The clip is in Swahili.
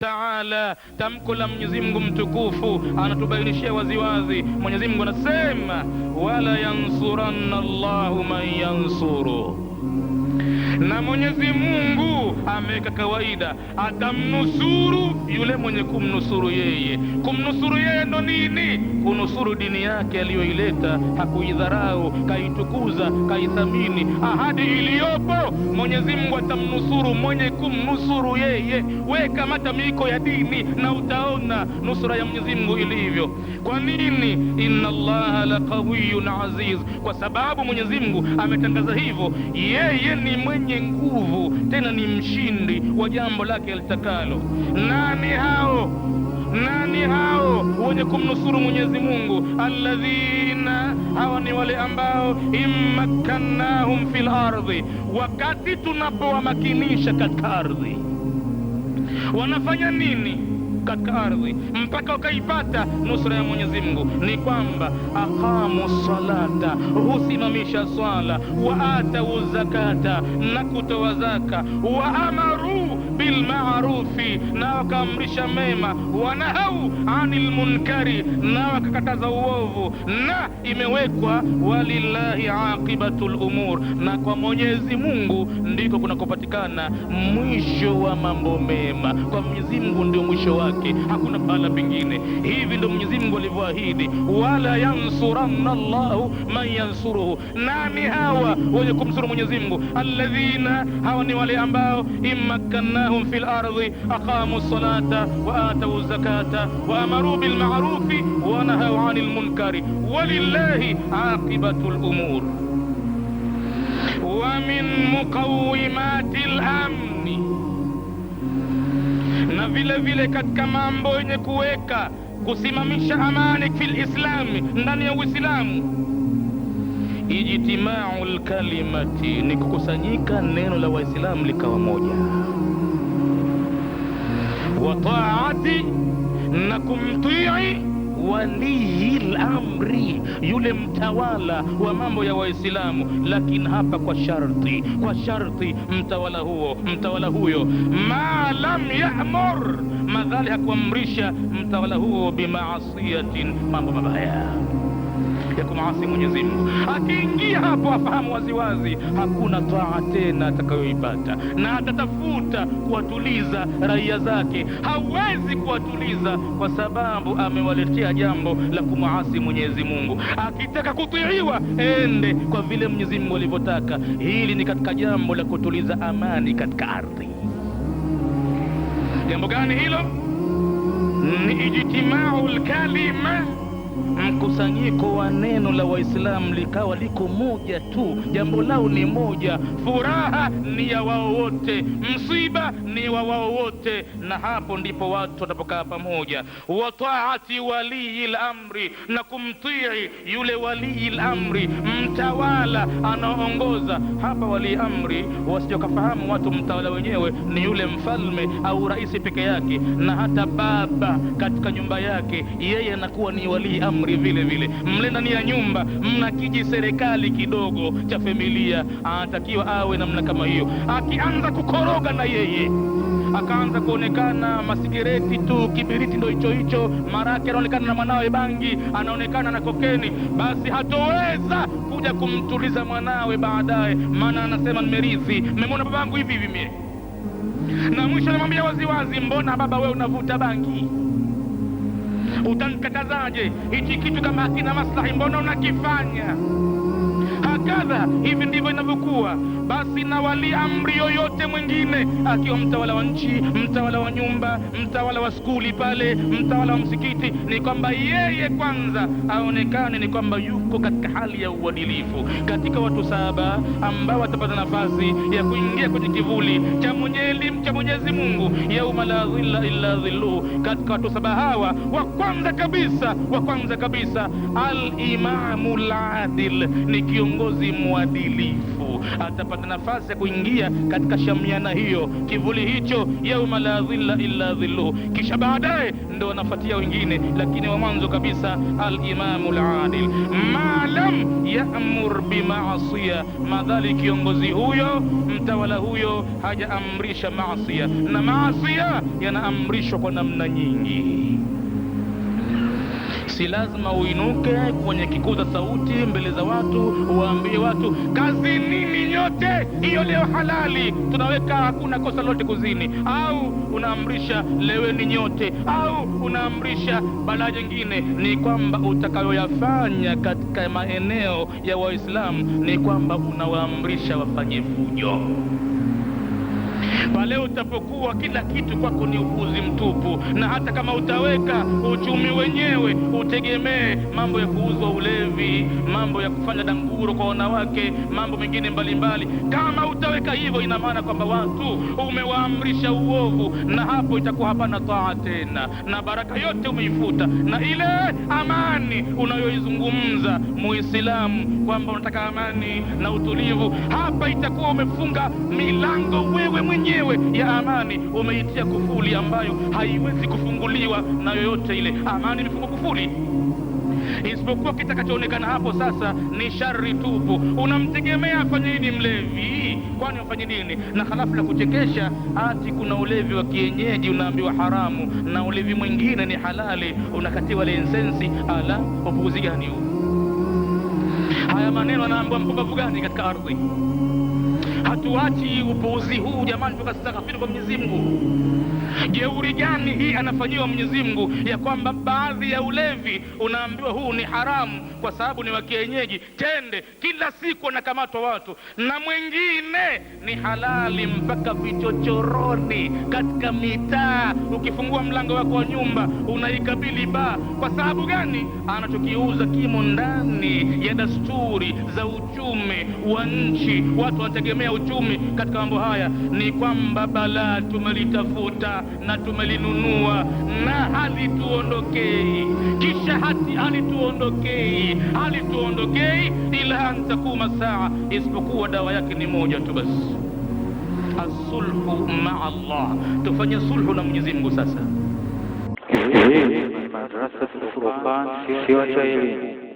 taala. Tamko la Mwenyezi Mungu mtukufu anatubainishia waziwazi. Mwenyezi Mungu anasema, wala yansuranna Allahu man yansuru na Mwenyezi Mungu ameweka kawaida, atamnusuru yule mwenye kumnusuru yeye. Kumnusuru yeye ndo nini? Kunusuru dini yake aliyoileta, hakuidharau, kaitukuza, kaithamini. Ahadi iliyopo, Mwenyezi Mungu atamnusuru mwenye kumnusuru yeye. Weka matamiko ya dini na utaona nusura ya Mwenyezi Mungu ilivyo. Kwa nini? Inna Allaha la qawiyun aziz, kwa sababu Mwenyezi Mungu ametangaza hivyo, yeye ni mwenye mwenye nguvu, tena ni mshindi wa jambo lake alitakalo. Nani hao? Nani hao wenye kumnusuru Mwenyezi Mungu? Alladhina, hawa ni wale ambao immakkannahum fil ardhi, wakati tunapowamakinisha katika ardhi, wanafanya nini? katika ardhi mpaka ukaipata nusra ya Mwenyezi Mungu, ni kwamba aqamu salata, husimamisha swala, wa atau zakata, na kutoa zaka, wa amaru bilmarufi, na wakaamrisha mema, wanahau anil munkari, na wakakataza uovu, na imewekwa walillahi aqibatul umur, na kwa Mwenyezi Mungu ndiko kunakopatikana mwisho wa mambo mema. Kwa Mwenyezi Mungu ndio mwisho wake, hakuna pahala pengine. Hivi ndio Mwenyezi Mungu alivyoahidi, wala yansuranna man yansuruhu, nani hawa wenye kumsuru Mwenyezi Mungu? Alladhina, hawa ni wale ambao immakana خزينهم في الأرض أقاموا الصلاة وآتوا الزكاة وأمروا بالمعروف ونهوا عن المنكر ولله عاقبة الأمور ومن مقومات الأمن na vile vile katika mambo yenye kuweka kusimamisha amani fi islami, ndani ya Uislamu, ijtimau lkalimati ni kukusanyika neno la Waislamu likawa moja wa taati na kumtii walii lamri yule mtawala wa mambo ya Waislamu, lakini hapa kwa sharti, kwa sharti mtawala huo mtawala huyo ma lam yamur, madhali hakuamrisha mtawala huo bimaasiyatin, mambo mabaya ya kumasi Mwenyezi Mungu. Akiingia hapo afahamu waziwazi hakuna taa tena atakayoipata, na atatafuta kuwatuliza raia zake. Hawezi kuwatuliza kwa sababu amewaletea jambo la kumwasi Mwenyezi Mungu. Akitaka kutiiwa ende kwa vile Mwenyezi Mungu alivyotaka. Hili ni katika jambo la kutuliza amani katika ardhi. Jambo gani hilo? Ni ijtimau lkalima Mkusanyiko wa neno la Waislamu likawa liko moja tu, jambo lao ni moja, furaha ni ya wao wote, msiba ni wa wao wote, na hapo ndipo watu watapokaa pamoja. Wa taati walii lamri, na kumtii yule walii lamri, mtawala anaongoza hapa. Walii amri wasijokafahamu watu mtawala wenyewe ni yule mfalme au rais peke yake, na hata baba katika nyumba yake, yeye anakuwa ni walii amri umri vile vile. Mle ndani ya nyumba mna kiji serikali kidogo cha familia, anatakiwa awe namna kama hiyo. Akianza kukoroga na yeye akaanza kuonekana masigereti tu, kibiriti ndo hicho hicho, marake anaonekana na mwanawe bangi, anaonekana na kokeni, basi hatoweza kuja kumtuliza mwanawe baadaye, maana anasema nimerithi mmemwona babangu hivi hivi mie. Na mwisho anamwambia waziwazi, mbona baba wewe unavuta bangi? Utanikatazaje hichi kitu kama hakina maslahi? Mbona unakifanya? Hakadha, hivi ndivyo inavyokuwa. Basi na wali amri yoyote mwingine, akiwa mtawala wa nchi, mtawala wa nyumba, mtawala wa skuli pale, mtawala wa msikiti, ni kwamba yeye kwanza aonekane ni kwamba yuko katika hali ya uadilifu. Katika watu saba ambao watapata nafasi ya kuingia kwenye kivuli cha mwenye elimu cha Mwenyezi Mungu, yauma la dhilla illa dhilluhu, katika watu saba hawa wako kwanza kabisa wa kwanza kabisa alimamu ladil ni kiongozi mwadilifu, atapata nafasi ya kuingia katika shamiana hiyo, kivuli hicho, yauma la dhilla illa dhilluhu. Kisha baadaye ndo wanafuatia wengine, lakini wa mwanzo kabisa alimamu ladil, ma lam yamur bimaasiya, madhali kiongozi huyo mtawala huyo hajaamrisha maasia, na maasia yanaamrishwa kwa namna nyingi si lazima uinuke kwenye kikuza sauti mbele za watu uwaambie watu kazi nini nyote, hiyo leo halali tunaweka, hakuna kosa lote kuzini, au unaamrisha leweni nyote, au unaamrisha balaa jingine. Ni kwamba utakayoyafanya katika maeneo ya Waislamu ni kwamba unawaamrisha wafanye fujo pale utapokuwa kila kitu kwako ni upuzi mtupu, na hata kama utaweka uchumi wenyewe utegemee mambo ya kuuzwa ulevi, mambo ya kufanya danguro kwa wanawake, mambo mengine mbalimbali mbali. Kama utaweka hivyo, ina maana kwamba watu umewaamrisha uovu, na hapo itakuwa hapana taa tena, na baraka yote umeifuta, na ile amani unayoizungumza Muislamu kwamba unataka amani na utulivu, hapa itakuwa umefunga milango wewe mwenyewe yenyewe ya amani umeitia kufuli ambayo haiwezi kufunguliwa na yoyote ile. Amani imefungwa kufuli, isipokuwa kitakachoonekana hapo sasa ni shari tupu. Unamtegemea afanye nini mlevi? Kwani afanye nini? Na halafu la kuchekesha, ati kuna ulevi wa kienyeji unaambiwa haramu na ulevi mwingine ni halali, unakatiwa lensensi. Ala, upuuzi gani huu! Haya maneno anaambiwa mpumbavu gani katika ardhi? hatuachi upuuzi huu jamani, tukastaghfiri kwa Mwenyezi Mungu. Jeuri gani hii anafanyiwa Mwenyezi Mungu, ya kwamba baadhi ya ulevi unaambiwa huu ni haramu kwa sababu ni wa kienyeji tende, kila siku wanakamatwa watu, na mwingine ni halali mpaka vichochoroni, katika mitaa. Ukifungua mlango wako wa nyumba unaikabili ba. Kwa sababu gani? Anachokiuza kimo ndani ya dasturi za uchumi wa nchi, watu wanategemea uchumi katika mambo haya ni kwamba balaa tumelitafuta na tumelinunua na halituondokei, kisha hati halituondokei, halituondokei ila an takuma saa, isipokuwa dawa yake ni moja tu basi, asulhu maa Allah, tufanye sulhu na Mwenyezi Mungu. Sasa hii ni Furqan, cha elimu